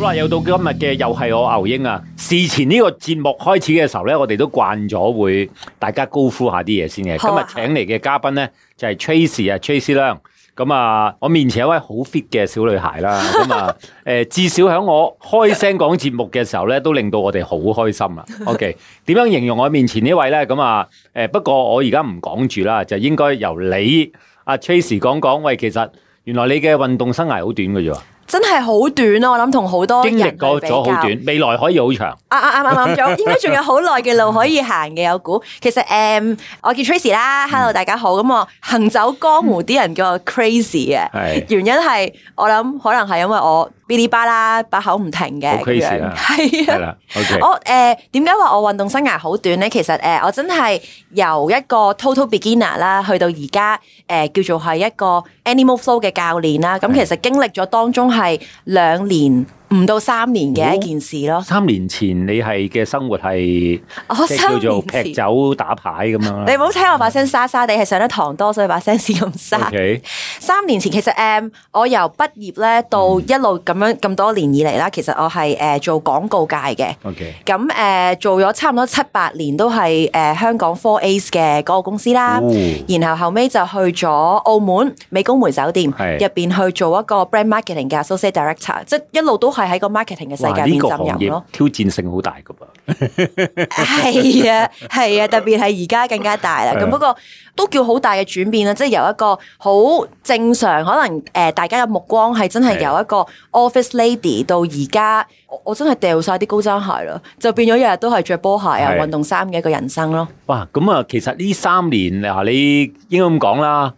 好啦，又到今日嘅，又係我牛英啊！事前呢個節目開始嘅時候咧，我哋都慣咗會大家高呼下啲嘢先嘅。啊、今日請嚟嘅嘉賓咧就係、是、Tracy 啊 ，Tracy 啦。咁啊，我面前一位好 fit 嘅小女孩啦。咁啊，誒，至少喺我開聲講節目嘅時候咧，都令到我哋好開心啊。OK，點樣形容我面前位呢位咧？咁啊，誒，不過我而家唔講住啦，就應該由你阿、啊、Tracy 講講。喂，其實原來你嘅運動生涯好短㗎啫。真係好短咯，我諗同好多經歷過咗好短，未來可以好長。啱啱啱啱咗，應該仲有好耐嘅路可以行嘅，有股。其實誒，我叫 Tracy 啦，Hello 大家好。咁我行走江湖啲人叫我 Crazy 嘅，原因係我諗可能係因為我噼哩叭啦把口唔停嘅 Crazy 咁樣。係啊，我誒點解話我運動生涯好短咧？其實誒，我真係由一個 total beginner 啦，去到而家，誒叫做係一個 animal flow 嘅教練啦，咁其實經歷咗當中係兩年。唔到三年嘅一件事咯、哦。三年前你係嘅生活係哦，叫做劈酒打牌咁樣，你唔好聽我把聲沙，沙沙，哋係上咗堂多，所以把聲先咁沙。Okay. 三年前其實誒、嗯，我由畢業咧到一路咁樣咁多年以嚟啦，其實我係誒、呃、做廣告界嘅。o k 咁誒做咗差唔多七八年都係誒、呃、香港 Four As 嘅個公司啦。哦、然後後尾就去咗澳門美高梅酒店是入邊去做一個 brand marketing 嘅 associate director，即係一路都。係喺個 marketing 嘅世界入邊浸入咯，這個、挑戰性好大噶噃。係 啊，係啊，特別係而家更加大啦。咁不過都叫好大嘅轉變啦，即、就、係、是、由一個好正常，可能誒、呃，大家嘅目光係真係由一個 office lady 到而家， 我真係掉晒啲高踭鞋啦，就變咗日日都係着波鞋啊，運 動衫嘅一個人生咯。哇，咁啊，其實呢三年啊，你應該咁講啦。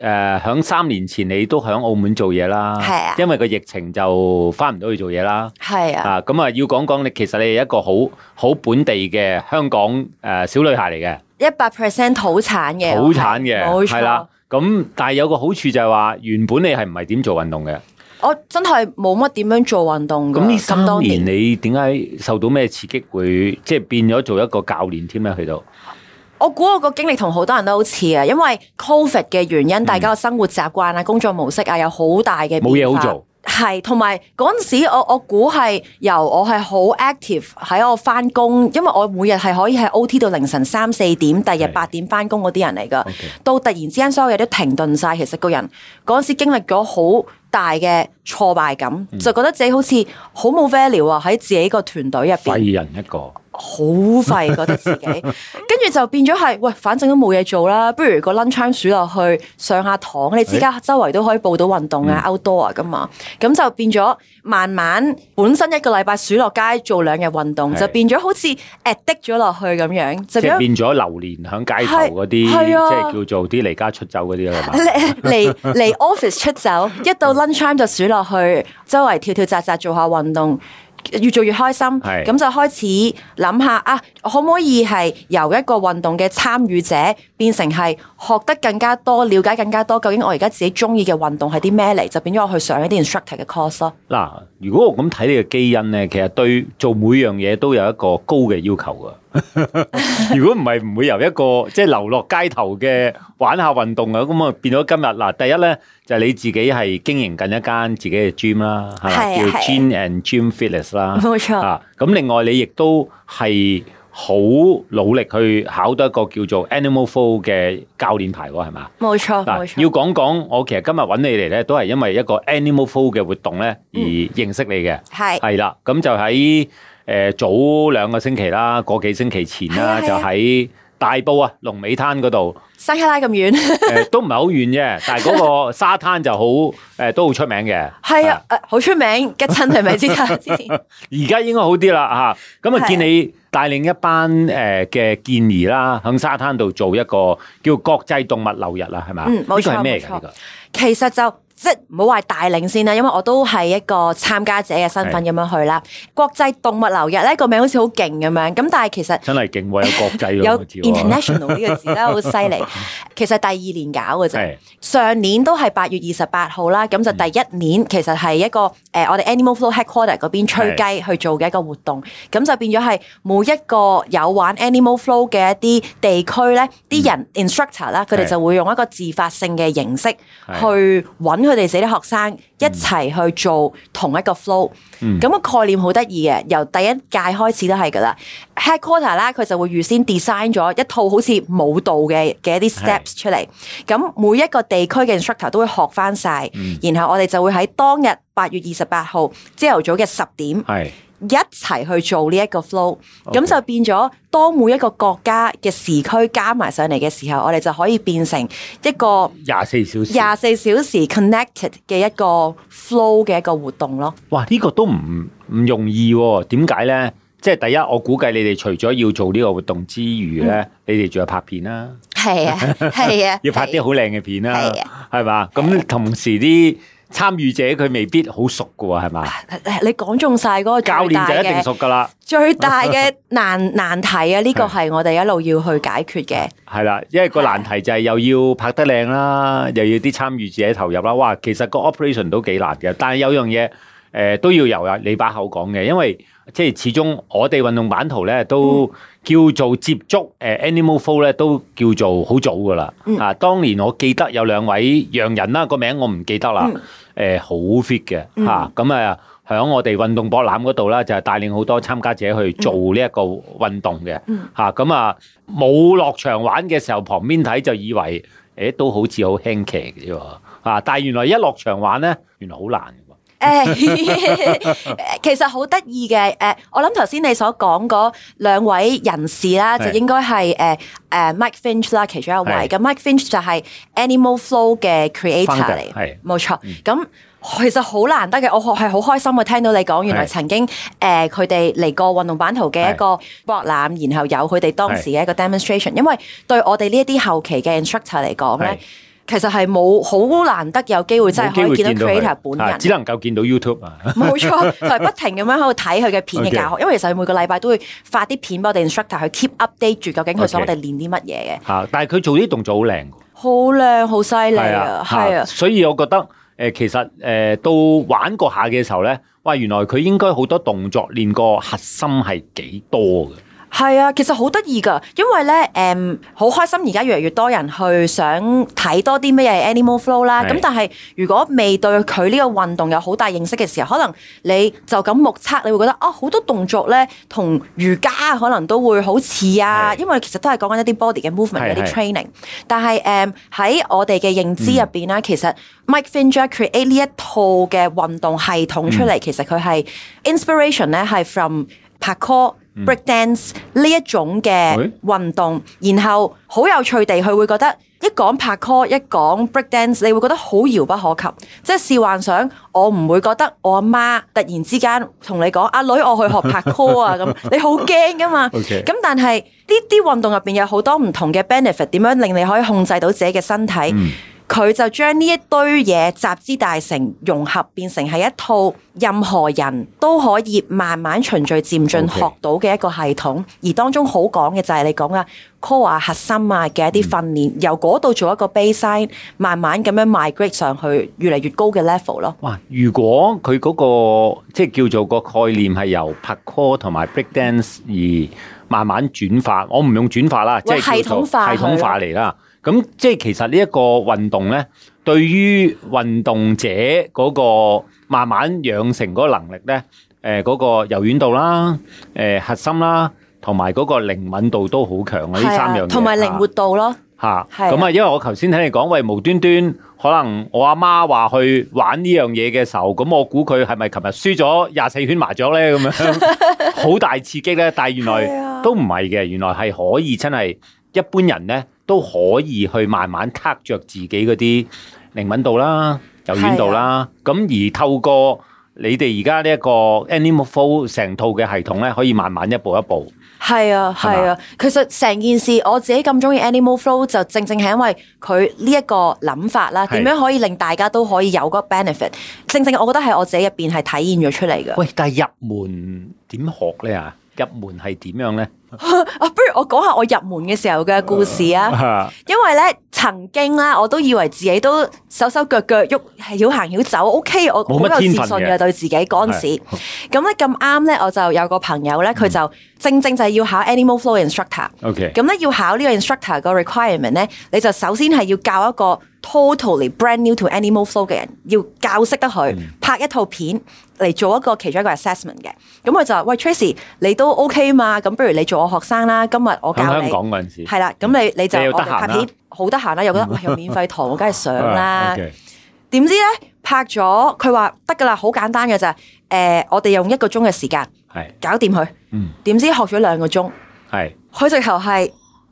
誒，響、呃、三年前你都響澳門做嘢啦，係啊，因為個疫情就翻唔到去做嘢啦，係啊。啊，咁啊要講講你，其實你係一個好好本地嘅香港誒、呃、小女孩嚟嘅，一百 percent 土產嘅，土產嘅，冇錯，係啦。咁但係有個好處就係、是、話，原本你係唔係點做運動嘅，我真係冇乜點樣做運動。咁你呢三年，年你點解受到咩刺激會，會即係變咗做一個教練添啊？去到。我估我個經歷同好多人都好似啊，因為 COVID 嘅原因，大家個生活習慣啊、嗯、工作模式啊有好大嘅變化，冇嘢好做，係同埋嗰陣時我，我我估係由我係好 active 喺我翻工，因為我每日係可以喺 OT 到凌晨三四點，第日八點翻工嗰啲人嚟噶，Okay. 到突然之間所有嘢都停頓晒，其實個人嗰陣時經歷咗好大嘅挫敗感，嗯、就覺得自己好似好冇 value 啊，喺自己個團隊入邊廢人一個。好廢，覺得自己，跟住就變咗係喂，反正都冇嘢做啦，不如個 lunchtime 數落去上下堂，你依家周圍都可以報到運動啊，outdoor 啊噶嘛，咁就變咗慢慢本身一個禮拜數落街做兩日運動，就變咗好似 addict 咗落去咁樣，即係的叫變咗流連響街頭嗰啲，即係、啊、叫做啲離家出走嗰啲係嘛？離離 office 出走，一到 lunchtime 就數落去周圍跳跳扎紮做下運動。越做越開心，咁是就開始諗下啊，可唔可以係由一個運動嘅參與者變成係學得更加多、了解更加多，究竟我而家自己中意嘅運動係啲咩嚟？就變咗我去上一啲 instructor 嘅 course 咯。嗱、啊，如果我咁睇你嘅基因呢，其實對做每樣嘢都有一個高嘅要求㗎。如果唔係，唔會由一個即係流落街頭嘅玩下運動啊，咁啊變咗今日嗱，第一咧就係你自己係經營緊一間自己嘅 gym 啦，係叫 Gym and Gym Fitness 啦，冇錯啊。咁另外你亦都係好努力去考到一個叫做 Animal Flow 嘅教練牌喎，係嘛？冇錯，冇錯。要講講，我其實今日揾你嚟咧，都係因為一個 Animal Flow 嘅活動咧而認識你嘅，係係啦，咁就喺。誒、呃，早兩個星期啦，個幾星期前啦、啊，啊、就喺大埔啊，龍尾灘嗰度，西克拉咁遠，誒、 呃，都唔係好遠啫，但係嗰個沙灘就好，誒、呃，都好出名嘅。係啊，好、啊啊、出名 get 親係咪先？而家 應該好啲啦，吓，咁啊，見你帶領一班誒嘅健兒啦，喺沙灘度做一個叫國際動物流日啊，係咪？嗯，冇錯冇錯，其實就即係唔好話帶領先啦，因為我都係一個參加者嘅身份咁樣去啦。是國際動物流日咧，個名好似好勁咁樣，咁但係其實真係勁有國際、啊、有 international 呢個字咧，好犀利。其實第二年搞嘅啫，是上年都係八月二十八號啦，咁就第一年其實係一個誒、呃、我哋 Animal Flow Headquarter 嗰邊吹雞去做嘅一個活動，咁是就變咗係每一個有玩 Animal Flow 嘅一啲地區咧，啲人、嗯、Instructor 啦，佢哋就會用一個自發性嘅形式去揾佢。我哋啲學生一齊去做同一個 flow，咁、mm. 個概念好得意嘅。由第一屆開始都係噶啦，Headquarter 啦，佢就會預先 design 咗一套好似舞蹈嘅嘅一啲 steps 出嚟。咁、mm. 每一個地區嘅 instructor 都會學翻晒。Mm. 然後我哋就會喺當日八月二十八號朝頭早嘅十點，一齊去做呢一個 flow，咁就變咗，當每一個國家嘅時區加埋上嚟嘅時候，我哋就可以變成一個廿四小時廿四小時 connected 嘅一個 flow 嘅一個活動咯。哇！呢個都唔唔容易喎。點解呢？即係第一，我估計你哋除咗要做呢個活動之餘呢，你哋仲有拍片啦。係啊，係啊，要拍啲好靚嘅片啦。係啊，係嘛？咁同時啲，參與者佢未必好熟嘅喎，係嘛？你講中曬嗰個教練就一定熟嘅啦，最大嘅 難難題啊！呢個係我哋一路要去解決嘅。係啦，因為個難題就係又要拍得靚啦，又要啲參與者投入啦。哇，其實個 operation 都幾難嘅，但係有樣嘢誒、呃、都要由啊你把口講嘅，因為即係始終我哋運動版圖咧都叫做接觸誒、呃、Animal Flow 咧都叫做好早嘅啦。啊，當年我記得有兩位洋人啦，個名我唔記得啦。嗯誒好 fit 嘅吓，咁啊響、嗯、我哋運動博覽度啦，就係、是、帶領好多參加者去做呢一個運動嘅吓，咁啊冇落、嗯嗯、場玩嘅時候，旁邊睇就以為誒、欸、都好似好輕騎嘅啫喎嚇，但係原來一落場玩咧，原來好難。誒， 其實好得意嘅，誒，我諗頭先你所講嗰兩位人士啦，是就應該係誒，誒、uh，Mike Finch 啦，其中一位。咁是 Mike Finch 就係 Animal Flow 嘅 creator 嚟，係冇錯。咁錯、嗯、其實好難得嘅，我係好開心我聽到你講，原來曾經誒，佢哋嚟過運動版圖嘅一個博覽，是然後有佢哋當時嘅一個 demonstration 是。因為對我哋呢一啲後期嘅 instructor 嚟講咧。其實係冇好難得有機會，真係可以見到 creator 本人，只能夠見到 YouTube 啊！冇錯，係不停咁樣喺度睇佢嘅片嘅教學，因為其實佢每個禮拜都會發啲片俾我哋，instructor 去 keep update 住究竟佢想我哋練啲乜嘢嘅。啊！但係佢做啲動作好靚，好靚，好犀利啊！係啊，所以我覺得誒，其實誒，到玩過下嘅時候咧，哇！原來佢應該好多動作練過核心係幾多嘅。係啊，其實好得意㗎，因為咧誒，好、嗯、開心而家越嚟越多人去想睇多啲咩嘢 animal flow 啦是。咁但係如果未對佢呢個運動有好大認識嘅時候，可能你就咁目測，你會覺得啊，好、哦、多動作咧同瑜伽可能都會好似啊，是因為其實都係講緊一啲 body 嘅 movement 是、一啲 training 是。但係誒，喺、嗯、我哋嘅認知入邊咧，嗯、其實 Mike Fincher create 呢一套嘅運動系統出嚟，嗯、其實佢係 inspiration 咧係 from parkour break dance 呢一種嘅運動，Okay. 然後好有趣地，佢會覺得一講 Parkour，一講 break dance，你會覺得好遙不可及，即係試幻想。我唔會覺得我阿媽突然之間同你講阿女，我去學 Parkour 啊咁， 你好驚㗎嘛。咁 Okay. 但係呢啲運動入邊有好多唔同嘅 benefit，點樣令你可以控制到自己嘅身體？嗯佢就將呢一堆嘢集之大成，融合變成係一套任何人都可以慢慢循序漸進學到嘅一個系統。Okay. 而當中好講嘅就係你講嘅 core 啊、核心啊嘅一啲訓練，嗯、由嗰度做一個 baseline，慢慢咁樣 migrate 上去，越嚟越高嘅 level 咯。哇！如果佢嗰、嗰個即係叫做個概念係由 Parkour 同埋 breakdance 而慢慢轉化，我唔用轉化啦，即係系統化嚟啦。啊。咁即係其實呢一個運動咧，對於運動者嗰個慢慢養成嗰個能力咧，誒嗰個柔軟度啦，誒核心啦，同埋嗰個靈敏度都好強啊！呢三樣嘢，同埋靈活度咯，嚇，咁啊，因為我頭先聽你講，喂，無端端可能我阿媽話去玩呢樣嘢嘅時候，咁我估佢係咪琴日輸咗廿四圈麻雀咧？咁樣好大刺激咧！但係原來都唔係嘅，原來係可以真係一般人咧。都可以去慢慢撻着自己嗰啲靈敏度啦、柔軟度啦。咁、啊、而透過你哋而家呢一個 Animal Flow 成套嘅系統咧，可以慢慢一步一步。係啊，係啊。吧其實成件事我自己咁中意 Animal Flow，就正正係因為佢呢一個諗法啦。點、啊、樣可以令大家都可以有個 benefit？、啊、正正我覺得係我自己入邊係體現咗出嚟嘅。喂，但係入門點學咧啊？入門係點樣呢？ 啊，不如我講下我入門嘅時候嘅故事啊！ 因為呢，曾經呢，我都以為自己都手手腳腳喐，係要行要走，要走，OK，我好有自信嘅對自己嗰陣時。咁呢咁啱呢，我就有個朋友呢，佢就正正就係要考 Animal Flow instructor。 OK，咁呢，要考呢個 instructor 個 requirement 呢，你就首先係要教一個。Totally brand new to animal flow 嘅人，要教識得佢拍一套片嚟做一個其中一個 assessment 嘅。咁佢就話：喂，Tracy，你都 OK 嘛？咁不如你做我學生啦。今日我教你。香港嗰陣時。係啦，咁你你就、啊、拍片好得閒啦，又覺得又、 哦、免費堂、 uh, okay. 呃，我梗係上啦。點知咧拍咗佢話得㗎啦，好簡單㗎啫。誒，我哋用一個鐘嘅時,時間係搞掂佢。嗯。點知學咗兩個鐘。係是。佢直頭係。誒、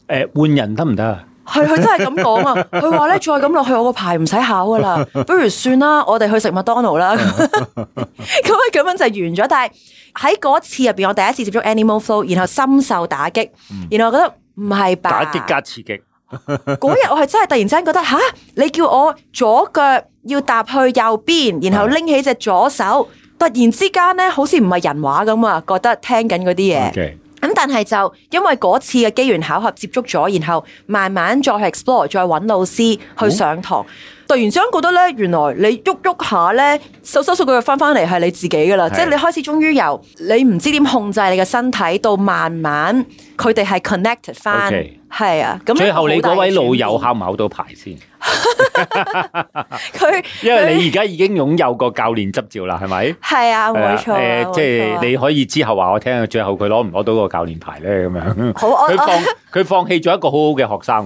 呃，換人得唔得啊？係佢真係咁講啊！佢話咧，再咁落去，我個牌唔使考㗎啦，不如算啦，我哋去食麥當勞啦。咁樣咁樣就完咗。但係喺嗰次入邊，我第一次接觸 Animal Flow，然後深受打擊，嗯、然後我覺得唔係吧？打擊加刺激。嗰 日我係真係突然之間覺得，吓你叫我左腳要踏去右邊，然後拎起隻左手，的突然之間咧，好似唔係人話咁啊，覺得聽緊嗰啲嘢。Okay. 咁但係就因為嗰次嘅機緣巧合接觸咗，然後慢慢再 explore，再揾老師去上堂，突然之間覺得呢，原來你喐喐下呢，手手手腳腳翻翻嚟係你自己噶啦，是即係你開始終於由你唔知點控制你嘅身體，到慢慢佢哋係 connect 翻，係 Okay. 啊，咁最後你嗰位老友考唔考到牌先？佢，因為你而家已經擁有個教練執照啦，係咪？係啊，冇錯。誒，即係你可以之後話我聽啊，最後佢攞唔攞到個教練牌咧？咁樣，好，佢放佢放棄咗一個好好嘅學生。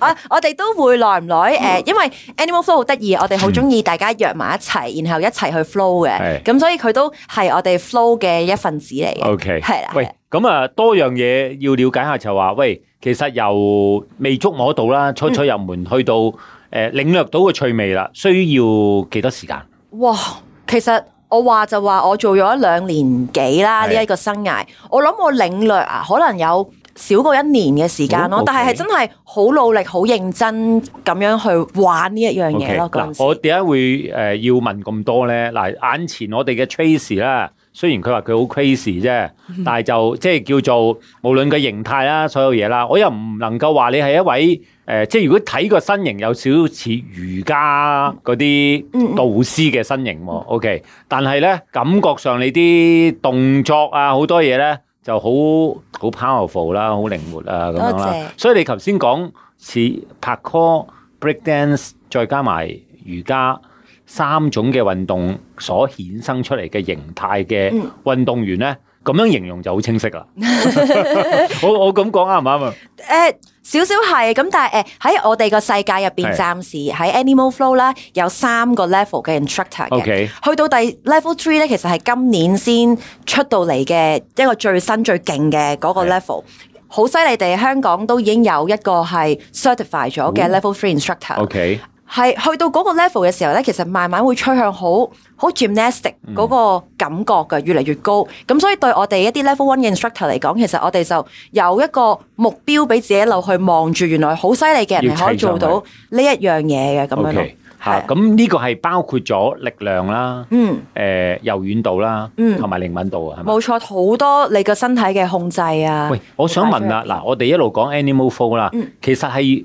我我哋都會耐唔耐？誒，因為 Animal Flow 好得意，我哋好中意大家約埋一齊，然後一齊去 flow 嘅。咁所以佢都係我哋 flow 嘅一份子嚟。OK，係啦。喂，咁啊，多樣嘢要了解下就話喂。其實由未觸摸到啦，初初入門去到誒、呃、領略到個趣味啦，需要幾多時間？哇！其實我話就話我做咗兩年幾啦呢一個生涯，我諗我領略啊，可能有少過一年嘅時間咯。哦 okay? 但係係真係好努力、好認真咁樣去玩呢一樣嘢咯。嗱 Okay?，我點解會誒要問咁多呢？嗱，眼前我哋嘅 Tracy 啦。雖然佢話佢好 crazy 啫，但係就即係叫做無論個形態啦，所有嘢啦，我又唔能夠話你係一位誒、呃，即係如果睇個身形有少少似瑜伽嗰啲導師嘅身形喎。嗯、OK，但係咧感覺上你啲動作啊好多嘢咧就好好 powerful 啦，好靈、啊、活啊咁樣啦。謝所以你頭先講似 parkour break dance，再加埋瑜伽。三種嘅運動所衍生出嚟嘅形態嘅運動員呢，咁樣形容就好清晰啦 我我咁講啱唔啱啊？誒、 呃，少少係咁，但係誒喺我哋個世界入邊，暫時喺是 Animal Flow 咧有三個 level 嘅 instructor 嘅。Okay. 去到第 level three 呢，其實係今年先出到嚟嘅一個最新最勁嘅嗰個 level，好犀利地，香港都已經有一個係 certified 咗嘅 level three instructor。哦 okay. 係去到嗰個 level 嘅時候咧，其實慢慢會趨向好好 gymnastic 嗰個感覺嘅，越嚟越高。咁所以對我哋一啲 level one instructor 嚟講，其實我哋就有一個目標俾自己一路去望住，原來好犀利嘅人係可以做到呢一樣嘢嘅咁樣咯。係咁，呢個係包括咗力量啦，嗯，誒柔軟度啦，嗯，同埋靈敏度啊，係嘛？冇錯，好多你個身體嘅控制啊。喂，我想問啦，嗱，我哋一路講 Animal Flow 啦，其實係。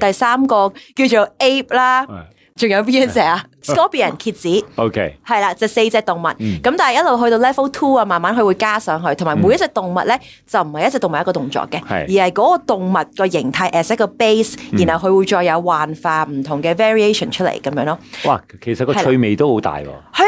第三個叫做 Ape 啦，仲有邊 隻啊？Scorpion 蠍子，OK，係啦，就 四隻動物。咁、嗯、但係一路去到 level two 啊，慢慢佢會加上去，同埋每一隻動物咧就唔係一隻動物一個動作嘅，嗯、而係個動物個形態 as 一個 base，、嗯、然後佢會再有幻化唔同嘅 variation 出嚟咁樣咯。哇，其實個趣味都好大喎。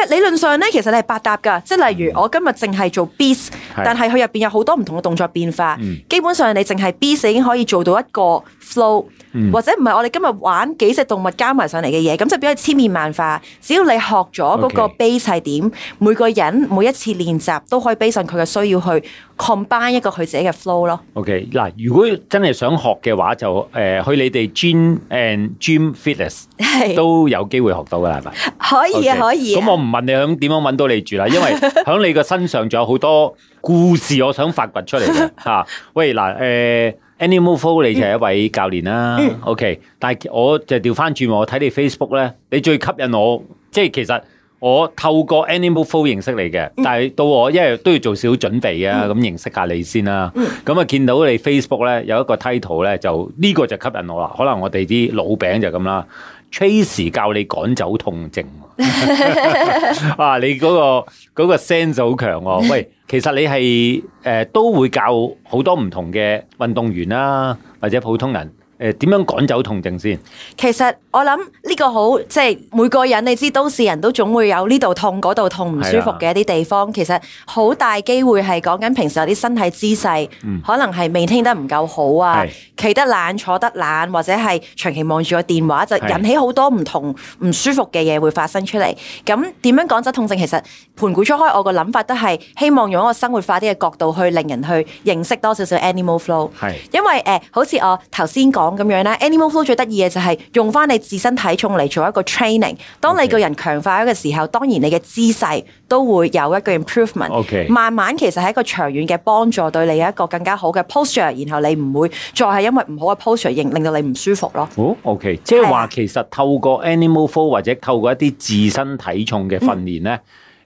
理論上咧，其實你係百搭噶，即係例如我今日淨係做 Beast，但係佢入邊有好多唔同嘅動作變化。基本上你淨係 Beast 已經可以做到一個 flow，或者唔係我哋今日玩幾隻動物加埋上嚟嘅嘢，咁就變係千變萬化。只要你學咗嗰個 base 係點，每個人每一次練習都可以 based on 佢嘅需要去 combine 一個佢自己嘅 flow 咯。OK，嗱，如果真係想學嘅話，就誒去你哋 gym and gym fitness 都有機會學到噶啦，係咪？可以啊，可以。咁我唔。問你響點樣揾到你住啦？因為喺你嘅身上仲有好多故事，我想發掘出嚟嘅嚇。喂嗱，誒、呃、Animal Flow 你就係一位教練啦、啊嗯，OK。但係我就調翻轉，我睇你 Facebook 咧，你最吸引我，即係其實我透過 Animal Flow 認識你嘅。但係到我一日都要做少少準備啊，咁認識下你先啦。咁啊，就見到你 Facebook 咧有一個 title 咧，就呢、呢個就吸引我啦。可能我哋啲老餅就咁啦。Tracy 教你趕走痛症，啊、 嗰個！你、嗰個個 sense 好強喎。 喂，其實你係誒、呃、都會教好多唔同嘅運動員啦、啊，或者普通人。誒，點樣趕走痛症先？其實我諗呢個好，即係每個人，你知都市人都總會有呢度痛、嗰度痛、唔舒服嘅一啲地方。其實好大機會係講緊平時有啲身體姿勢，嗯，可能係未聽得唔夠好啊，企得懶、坐得懶，或者係長期望住個電話，就引起好多唔同唔舒服嘅嘢會發生出嚟。咁點樣趕走痛症？其實盤古初開，我個諗法都係希望用一個生活化啲嘅角度去令人去認識多少少 animal flow。係，因為誒，好似我頭先講。講咁樣咧，Animal Flow 最得意嘅就係用翻你自身體重嚟做一個 training。當你個人強化咗嘅時候，Okay. 當然你嘅姿勢都會有一個 improvement。Okay. 慢慢其實係一個長遠嘅幫助，對你有一個更加好嘅 posture，然後你唔會再係因為唔好嘅 posture 令到你唔舒服咯。哦，OK，、嗯、即係話其實透過 Animal Flow 或者透過一啲自身體重嘅訓練咧，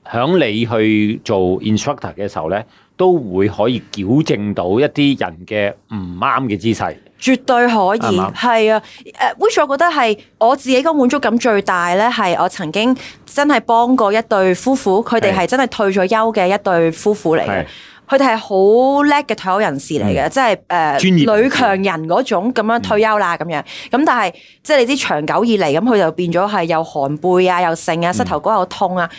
響、嗯、你去做 instructor 嘅時候咧，都會可以矯正到一啲人嘅唔啱嘅姿勢？絕對可以，係啊、嗯，誒 which 我覺得係我自己個滿足感最大咧，係我曾經真係幫過一對夫婦，佢哋係真係退咗休嘅一對夫婦嚟嘅，佢哋係好叻嘅退休人士嚟嘅，嗯、即係誒女強人嗰種咁樣退休啦咁樣，咁、嗯、但係即係你知長久以嚟，咁佢就變咗係又寒背啊，又腎啊，嗯、膝頭哥又痛啊。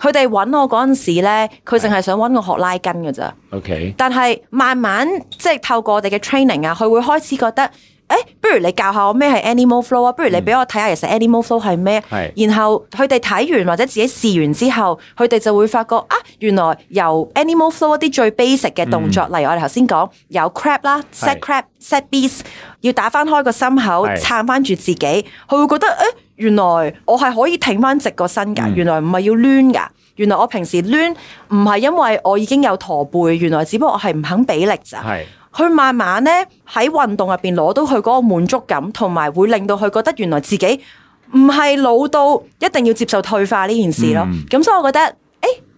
佢哋揾我嗰陣時呢，佢淨係想揾我學拉筋㗎咋。Okay. 但係慢慢即係透過我哋嘅 training 啊，佢會開始覺得。誒、欸，不如你教下我咩係 animal flow 啊？不如你俾我睇下，其實 animal flow 係咩？嗯、然後佢哋睇完或者自己試完之後，佢哋就會發覺啊，原來由 animal flow 一啲最 basic 嘅動作，嗯、例如我哋頭先講有 crab 啦是，set crab，set beast，要打翻開個心口是撐翻住自己，佢會覺得誒、欸，原來我係可以挺翻直個身㗎，原來唔係要攣㗎，嗯、原來我平時攣唔係因為我已經有駝背，原來只不過我係唔肯俾力咋。是佢慢慢咧喺運動入邊攞到佢嗰個滿足感，同埋會令到佢覺得原來自己唔係老到一定要接受退化呢件事咯。咁、嗯、所以我覺得誒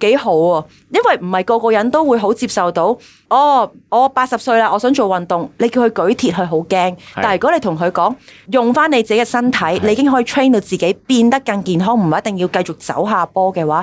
幾、欸、好喎，因為唔係個個人都會好接受到。哦，我八十歲啦，我想做運動。你叫佢舉鐵，佢好驚。但係如果你同佢講用返你自己嘅身體，是的 你已經可以 train 到自己變得更健康，唔係一定要繼續走下坡嘅話。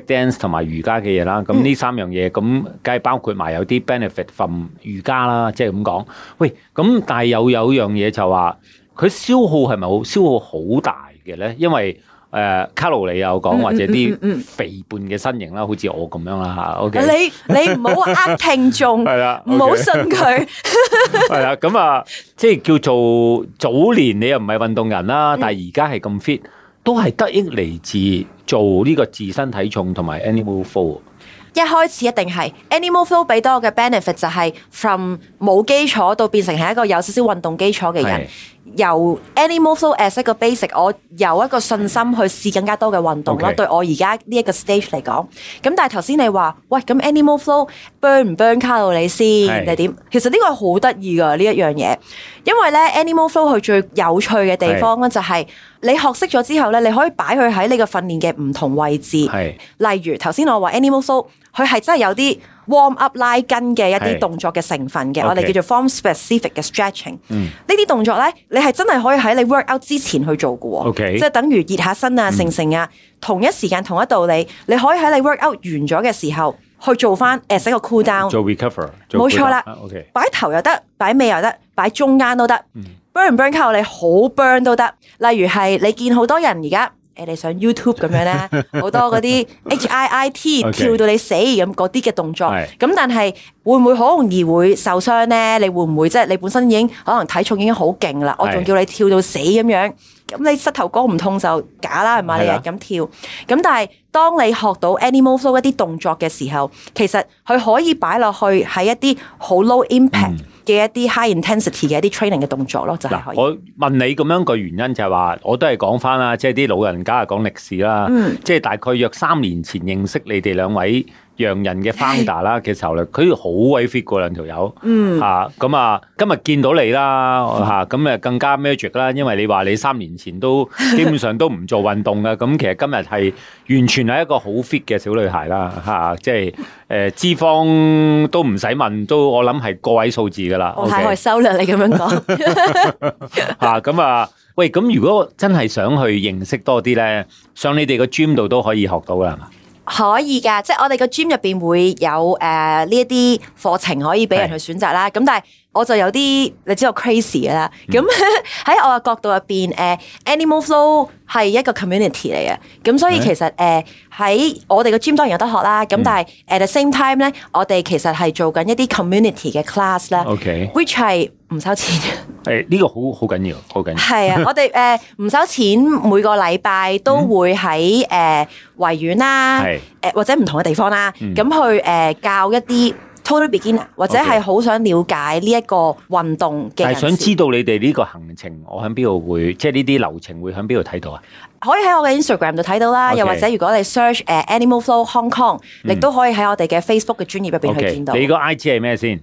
dance 同埋瑜伽嘅嘢啦，咁呢三樣嘢，咁梗係包括埋有啲 benefit from 瑜伽啦，即係咁講。喂，咁但係又有樣嘢就話、是，佢消耗係咪好消耗好大嘅咧？因為誒卡路里又講，呃 Call、ze, 或者啲肥胖嘅身形啦，嗯嗯嗯嗯好似我咁樣啦吓。O、okay、K，你 你唔好呃聽眾，係啦 了，唔好信佢。係 啦，咁、嗯、 啊，即係叫做早年你又唔係運動人啦，但係而家係咁 fit。都係得益嚟自做呢個自身體重同埋 animal flow。一開始一定係 animal flow，俾多我嘅 benefit 就係 from 冇基礎到變成係一個有少少運動基礎嘅人。由 animal flow as 一個 basic，我有一個信心去試更加多嘅運動啦。Okay. 對我而家呢一個 stage 嚟講，咁但係頭先你話喂咁 animal flow burn 唔 burn 卡路里先定係點？其實呢個好得意噶呢一樣嘢，因為咧 animal flow 佢最有趣嘅地方咧是就係你學識咗之後咧，你可以擺佢喺呢個訓練嘅唔同位置，是例如頭先我話 animal flow。佢係真係有啲 warm up 拉筋嘅一啲動作嘅成分嘅，是我哋叫做 form specific 嘅 stretching、嗯。呢啲動作咧，你係真係可以喺你 workout 之前去做嘅喎、哦，okay，即係等於熱下身啊，成成啊。同一時間同一道理，你可以喺你 workout 完咗嘅時候去做翻，誒、呃，成個 cool down 做 recover。冇錯啦，擺頭又得，擺尾又得，擺中間都得。嗯、burn 唔 burn 靠，你好 burn 都得。例如係你見好多人而家。誒，你上 YouTube 咁樣咧，好 多嗰啲 H I I T 跳到你死咁嗰啲嘅動作，咁 Okay. 但係會唔會好容易會受傷呢？你會唔會即係你本身已經可能體重已經好勁啦， 我仲叫你跳到死咁樣，咁你膝頭哥唔痛就假啦，係嘛？ 你日日咁跳，咁但係當你學到 Animal Flow 一啲動作嘅時候，其實佢可以擺落去喺一啲好 low impact。嗯嘅一啲 high intensity 嘅一啲 training 嘅動作咯，就係可以。我問你咁樣個原因就係話，我都係講翻啦，即係啲老人家啊講歷史啦，嗯、即係大概約三年前認識你哋兩位。洋人嘅 founder 啦，嘅時候咧佢好鬼 fit 過兩條友嚇咁啊！今日見到你啦嚇，咁誒更加 magic 啦，因為你話你三年前都基本上都唔做運動嘅，咁其實今日係完全係一個好 fit 嘅小女孩啦嚇，即係誒脂肪都唔使問，都我諗係個位數字嘅啦。我睇我收量你咁樣講嚇咁啊！喂，咁如果真係想去認識多啲咧，上你哋個 gym 度都可以學到噶。可以㗎，即係我哋個 gym 入邊會有誒呢一啲課程可以俾人去選擇啦。咁的但係。我就有啲你知道 crazy 啦，咁喺、嗯、 我嘅角度入邊，誒、uh, animal flow 係一個 community 嚟嘅，咁所以其實誒喺、uh, 我哋嘅 gym 當然有得學啦，咁、嗯、但係 at the same time 呢我哋其實係做緊一啲 community 嘅 class 啦 Okay，which 係唔收錢嘅。呢 個好好緊要，好緊要。係 啊，我哋誒唔收錢，每個禮拜都會喺誒維園啦，或者唔同嘅地方啦，咁、嗯、去誒、uh, 教一啲。Total beginner 或者係好想了解呢一個運動嘅，但係想知道你哋呢個行程，我喺邊度會即係呢啲流程會喺邊度睇到啊？可以喺我嘅 Instagram 度睇到啦，又或者如果你 search 誒 Animal Flow Hong Kong，亦都可以喺我哋嘅 Facebook 嘅專頁入邊去見到。你個 IG 係咩先？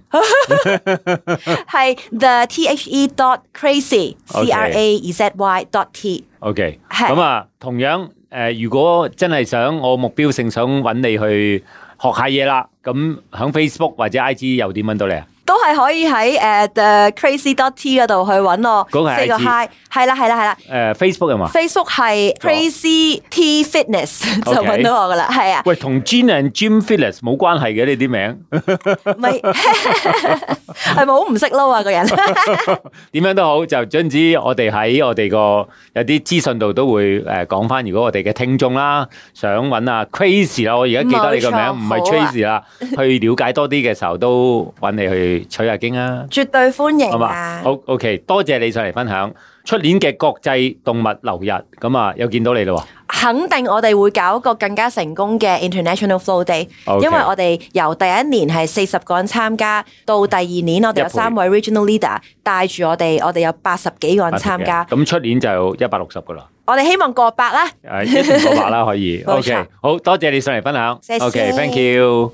係 The T H E Dot Crazy C R A Z Y Dot T。OK。咁啊，同樣誒，如果真係想我目標性想搵你去學下嘢啦。咁響 Facebook 或者 IG 又點揾到你啊？都係可以喺誒誒 Crazy Dot T 嗰度去揾我，四個 Hi，係啦係啦係啦。誒、uh, Facebook 係嘛？Facebook 係 Crazy、oh. T Fitness 就揾到我噶啦，係啊。喂，同 Gin and Jim Fitness 冇關係嘅呢啲名，唔係咪？好唔識撈啊個人。點樣都好，就總之我哋喺我哋個有啲資訊度都會誒講翻。如果我哋嘅聽眾啦，想揾啊 Crazy 啦，我而家記得你個名，唔係 Crazy 啦，了啊、去了解多啲嘅時候都揾你去。取下經啊！絕對歡迎、啊、好 OK，多謝你上嚟分享出年嘅國際動物流日，咁啊又見到你啦喎！肯定我哋會搞一個更加成功嘅 International Flow Day，Okay. 因為我哋由第一年係四十個人參加，到第二年我哋有三位 Regional Leader 帶住我哋，我哋有八十幾個人參加。咁出、okay. 年就一百六十噶啦。我哋希望過百啦，誒， 過百啦，可以 OK 好。好多謝你上嚟分享。謝謝 OK，Thank、okay, you。